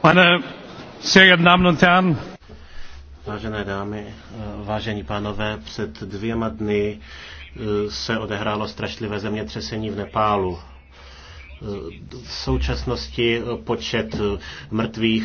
Pane Vážené dámy, vážení pánové, před dvěma dny eh, se odehrálo strašlivé zemětřesení v Nepálu. Eh, v současnosti eh, počet mrtvých